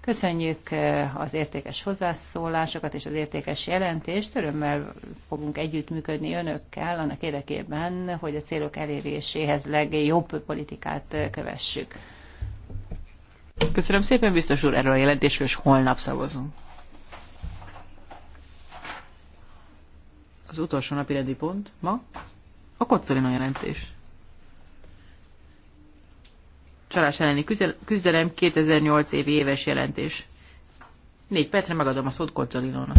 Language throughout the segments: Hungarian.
Köszönjük eh, az értékes hozzászólásokat és az értékes jelentést. Örömmel fogunk együttműködni önökkel annak érdekében, hogy a célok eléréséhez legjobb politikát eh, kövessük. Köszönöm szépen, biztos úr, erről a jelentésről, és holnap szavazunk. Az utolsó napi pont ma a kocolina jelentés csalás elleni küzdelem 2008 évi éves jelentés. Négy percre megadom a szót Kocsalinónak.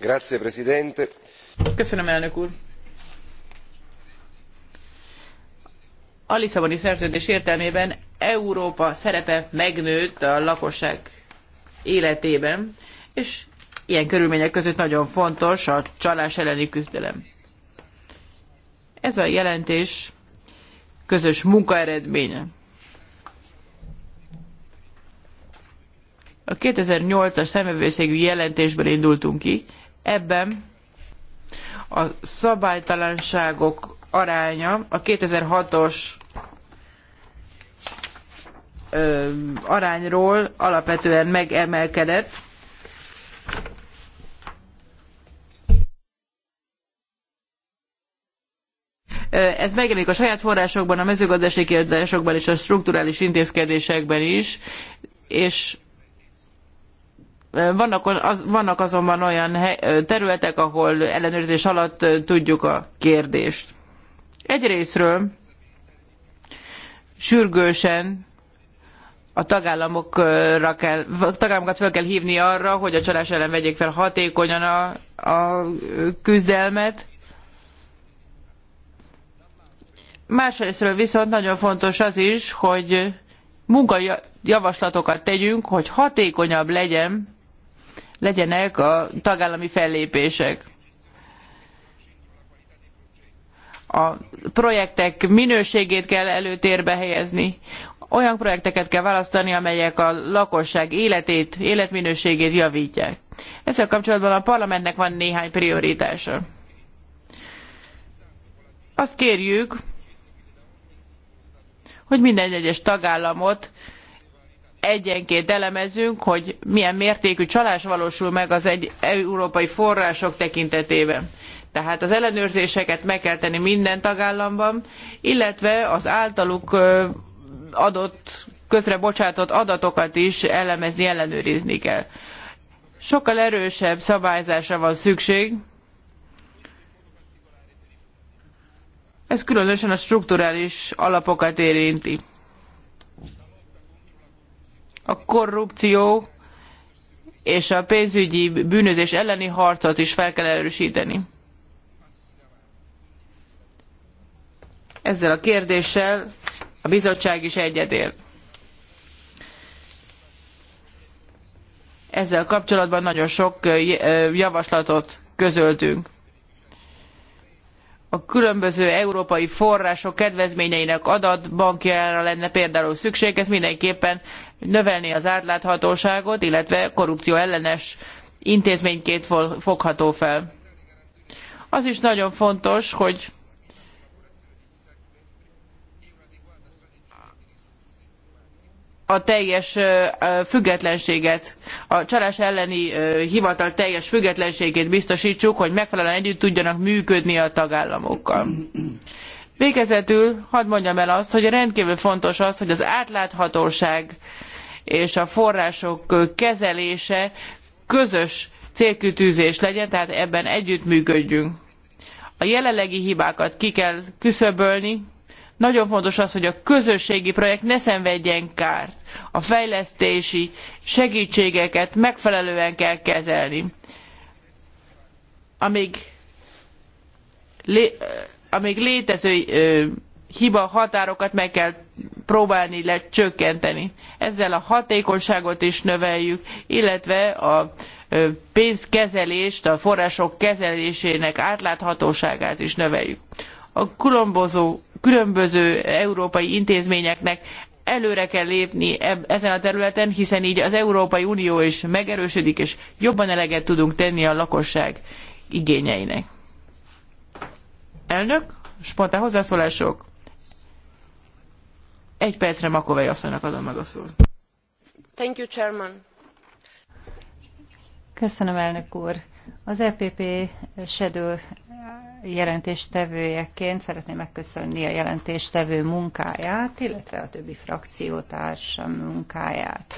Grazie, Presidente. Köszönöm, elnök úr. A Lisszaboni szerződés értelmében Európa szerepe megnőtt a lakosság életében, és ilyen körülmények között nagyon fontos a csalás elleni küzdelem. Ez a jelentés közös munka eredménye. A 2008-as szemövőszégű jelentésből indultunk ki, ebben a szabálytalanságok aránya a 2006-os arányról alapvetően megemelkedett, Ez megjelenik a saját forrásokban, a mezőgazdasági kiadásokban és a strukturális intézkedésekben is, és vannak, az, vannak azonban olyan területek, ahol ellenőrzés alatt tudjuk a kérdést. Egyrésztről sürgősen a tagállamokra kell, tagállamokat fel kell hívni arra, hogy a csalás ellen vegyék fel hatékonyan a, a küzdelmet. Másrésztről viszont nagyon fontos az is, hogy munkajavaslatokat tegyünk, hogy hatékonyabb legyen legyenek a tagállami fellépések. a projektek minőségét kell előtérbe helyezni. Olyan projekteket kell választani, amelyek a lakosság életét, életminőségét javítják. Ezzel kapcsolatban a parlamentnek van néhány prioritása. Azt kérjük, hogy minden egyes tagállamot egyenként elemezünk, hogy milyen mértékű csalás valósul meg az egy európai források tekintetében. Tehát az ellenőrzéseket meg kell tenni minden tagállamban, illetve az általuk adott, közre bocsátott adatokat is elemezni, ellenőrizni kell. Sokkal erősebb szabályzásra van szükség. Ez különösen a strukturális alapokat érinti a korrupció és a pénzügyi bűnözés elleni harcot is fel kell erősíteni. Ezzel a kérdéssel a bizottság is egyedül. Ezzel kapcsolatban nagyon sok javaslatot közöltünk a különböző európai források kedvezményeinek adatbankjára lenne például szükség, ez mindenképpen növelni az átláthatóságot, illetve korrupció ellenes intézményként fogható fel. Az is nagyon fontos, hogy a teljes függetlenséget, a csalás elleni hivatal teljes függetlenségét biztosítsuk, hogy megfelelően együtt tudjanak működni a tagállamokkal. Végezetül hadd mondjam el azt, hogy rendkívül fontos az, hogy az átláthatóság és a források kezelése közös célkütűzés legyen, tehát ebben együttműködjünk. A jelenlegi hibákat ki kell küszöbölni, nagyon fontos az, hogy a közösségi projekt ne szenvedjen kárt. A fejlesztési segítségeket megfelelően kell kezelni. Amíg, lé, eh, amíg létező ö, eh, hiba határokat meg kell próbálni lecsökkenteni. Ezzel a hatékonyságot is növeljük, illetve a eh, pénzkezelést, a források kezelésének átláthatóságát is növeljük. A különböző különböző európai intézményeknek előre kell lépni ezen a területen, hiszen így az Európai Unió is megerősödik, és jobban eleget tudunk tenni a lakosság igényeinek. Elnök, spontán hozzászólások. Egy percre Makovei asszonynak adom meg a szót. Thank you, Chairman. Köszönöm, elnök úr. Az EPP Shadow jelentéstevőjeként szeretném megköszönni a jelentéstevő munkáját, illetve a többi frakciótársam munkáját.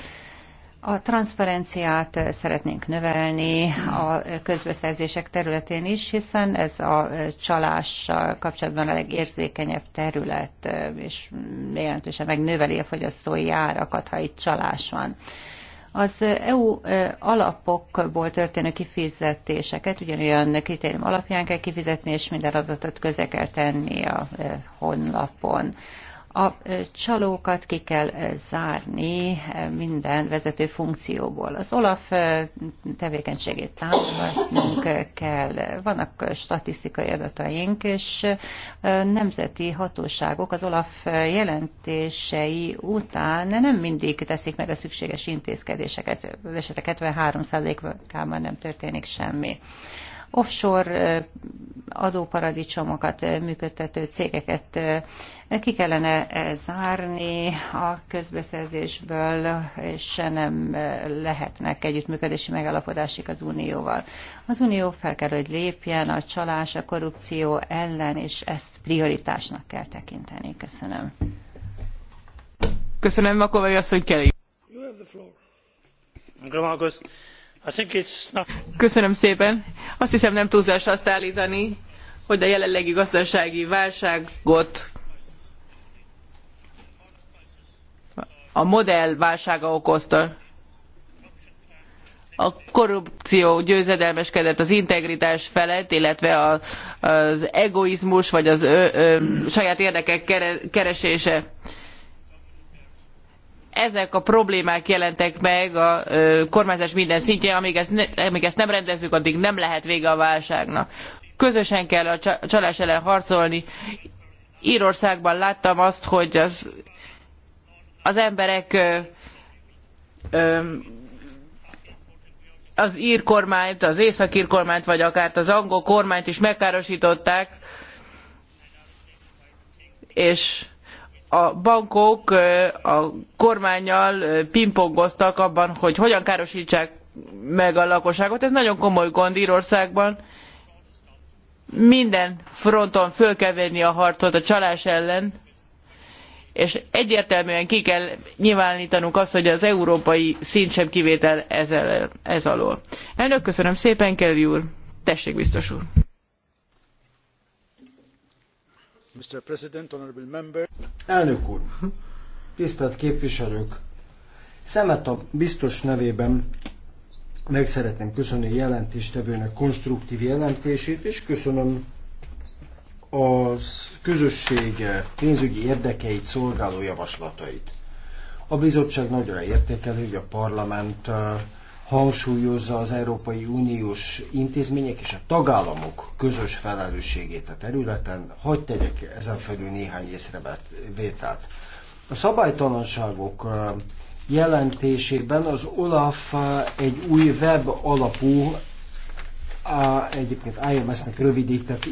A transzparenciát szeretnénk növelni a közbeszerzések területén is, hiszen ez a csalással kapcsolatban a legérzékenyebb terület, és jelentősen megnöveli a fogyasztói árakat, ha itt csalás van. Az EU alapokból történő kifizetéseket ugyanolyan kritérium alapján kell kifizetni, és minden adatot közé kell tenni a honlapon. A csalókat ki kell zárni minden vezető funkcióból. Az OLAF tevékenységét támogatnunk kell. Vannak statisztikai adataink, és nemzeti hatóságok az OLAF jelentései után nem mindig teszik meg a szükséges intézkedéseket. Az esetek 73%-ában nem történik semmi offshore adóparadicsomokat működtető cégeket ki kellene e zárni a közbeszerzésből, és nem lehetnek együttműködési megállapodások az Unióval. Az Unió fel kell, hogy lépjen a csalás, a korrupció ellen, és ezt prioritásnak kell tekinteni. Köszönöm. Köszönöm, Makovai asszony, Kelly. You have the floor. Köszönöm szépen. Azt hiszem nem túlzás azt álltani hogy a jelenlegi gazdasági válságot a modell válsága okozta. A korrupció győzedelmeskedett az integritás felett, illetve a, az egoizmus vagy az ö, ö, saját érdekek keresése ezek a problémák jelentek meg a kormányzás minden szintjén, amíg ezt, ne, amíg ezt nem rendezzük, addig nem lehet vége a válságnak. Közösen kell a csalás ellen harcolni. Írországban láttam azt, hogy az, az emberek ö, ö, az ír kormányt, az északír kormányt, vagy akár az angol kormányt is megkárosították, és a bankok a kormányjal pingpongoztak abban, hogy hogyan károsítsák meg a lakosságot. Ez nagyon komoly gond Írországban. Minden fronton föl kell venni a harcot a csalás ellen, és egyértelműen ki kell nyilvánítanunk azt, hogy az európai szint sem kivétel ez, ez alól. Elnök, köszönöm szépen, Kelly úr. Tessék, biztos úr. Elnök úr, tisztelt képviselők! Szemet a biztos nevében meg szeretném köszönni a jelentéstevőnek konstruktív jelentését, és köszönöm a közösség pénzügyi érdekeit szolgáló javaslatait. A bizottság nagyra értékeli, hogy a parlament hangsúlyozza az Európai Uniós intézmények és a tagállamok közös felelősségét a területen. Hogy tegyek ezen felül néhány észrevételt. A szabálytalanságok jelentésében az OLAF egy új web alapú, a, egyébként IMS-nek rövidített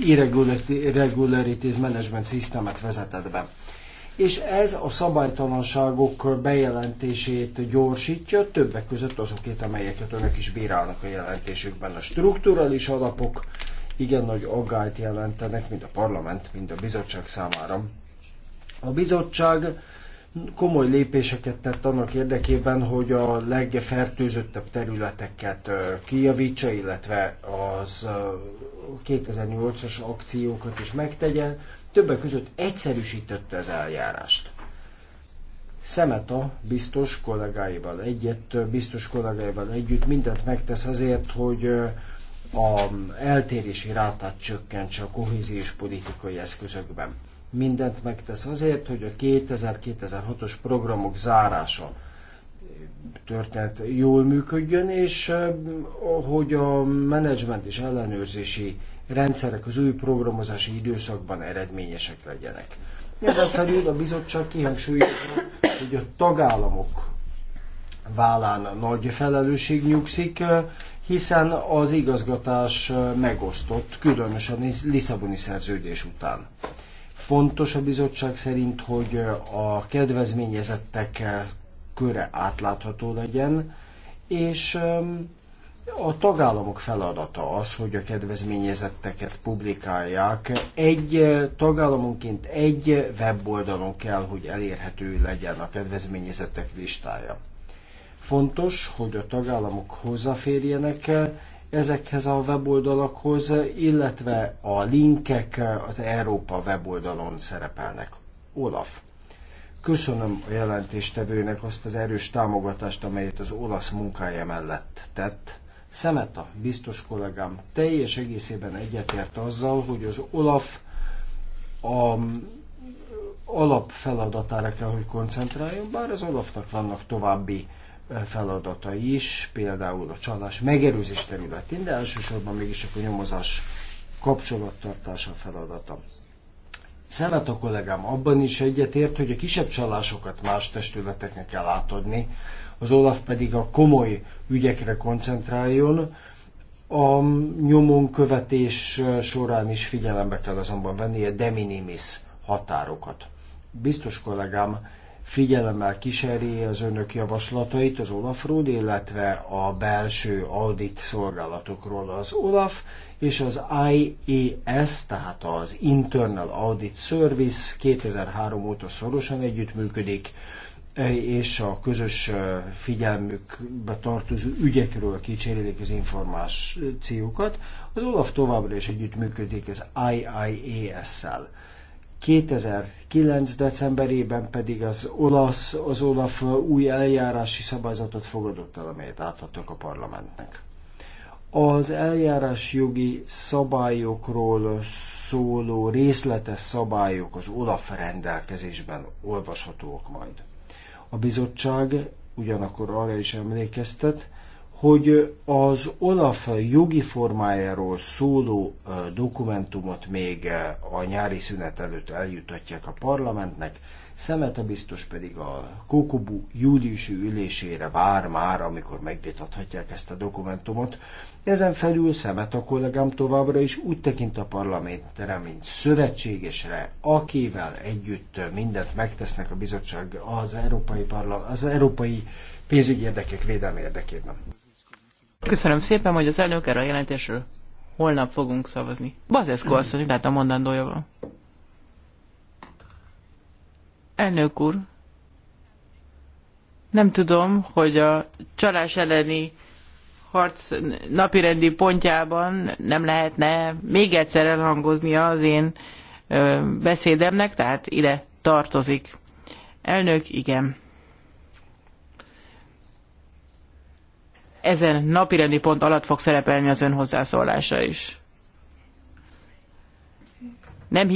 Irregularities Management Systemet vezetett be és ez a szabálytalanságok bejelentését gyorsítja, többek között azokét, amelyeket önök is bírálnak a jelentésükben. A strukturális alapok igen nagy aggályt jelentenek, mind a parlament, mind a bizottság számára. A bizottság komoly lépéseket tett annak érdekében, hogy a legfertőzöttebb területeket kijavítsa, illetve az 2008-as akciókat is megtegye. Többek között egyszerűsítette az eljárást. Szemeta biztos kollégáival egyet, biztos kollégáival együtt mindent megtesz azért, hogy a eltérési rátát csökkentse a kohéziós politikai eszközökben mindent megtesz azért, hogy a 2000-2006-os programok zárása történet jól működjön, és hogy a menedzsment és ellenőrzési rendszerek az új programozási időszakban eredményesek legyenek. Ezen felül a bizottság kihangsúlyozza, hogy a tagállamok vállán nagy felelősség nyugszik, hiszen az igazgatás megosztott, különösen Lisszaboni szerződés után. Fontos a bizottság szerint, hogy a kedvezményezettek köre átlátható legyen, és a tagállamok feladata az, hogy a kedvezményezetteket publikálják. Egy tagállamonként egy weboldalon kell, hogy elérhető legyen a kedvezményezettek listája. Fontos, hogy a tagállamok hozzáférjenek ezekhez a weboldalakhoz, illetve a linkek az Európa weboldalon szerepelnek. Olaf. Köszönöm a jelentéstevőnek azt az erős támogatást, amelyet az olasz munkája mellett tett. Szemeta, biztos kollégám, teljes egészében egyetért azzal, hogy az Olaf a mm, alapfeladatára kell, hogy koncentráljon, bár az Olafnak vannak további feladata is, például a csalás megerőzés területén, de elsősorban mégis a nyomozás kapcsolattartása feladata. Szemet a kollégám abban is egyetért, hogy a kisebb csalásokat más testületeknek kell átadni, az Olaf pedig a komoly ügyekre koncentráljon, a nyomon követés során is figyelembe kell azonban venni a de minimis határokat. Biztos kollégám figyelemmel kíséri az önök javaslatait az Olafról, illetve a belső audit szolgálatokról az Olaf, és az IES, tehát az Internal Audit Service 2003 óta szorosan együttműködik, e, és a közös e, figyelmükbe tartozó ügyekről kicserélik az információkat. Az Olaf továbbra is együttműködik az IIES-szel. 2009. decemberében pedig az olasz, az Olaf új eljárási szabályzatot fogadott el, amelyet átadtak a parlamentnek. Az eljárás jogi szabályokról szóló részletes szabályok az Olaf rendelkezésben olvashatóak majd. A bizottság ugyanakkor arra is emlékeztet, hogy az Olaf jogi formájáról szóló dokumentumot még a nyári szünet előtt eljutatják a parlamentnek, a biztos pedig a Kokobu júliusi ülésére vár már, amikor megvitathatják ezt a dokumentumot. Ezen felül Szemet a kollégám továbbra is úgy tekint a parlamentre, mint szövetségesre, akivel együtt mindent megtesznek a bizottság az Európai, Parlament, az Európai pénzügyi érdekek védelmi érdekében. Köszönöm szépen, hogy az elnök erre a jelentésről holnap fogunk szavazni. Bazeszko asszony, tehát a mondandója van. Elnök úr, nem tudom, hogy a csalás elleni harc napirendi pontjában nem lehetne még egyszer elhangoznia az én beszédemnek, tehát ide tartozik. Elnök, igen. ezen napirendi pont alatt fog szerepelni az ön hozzászólása is. Nem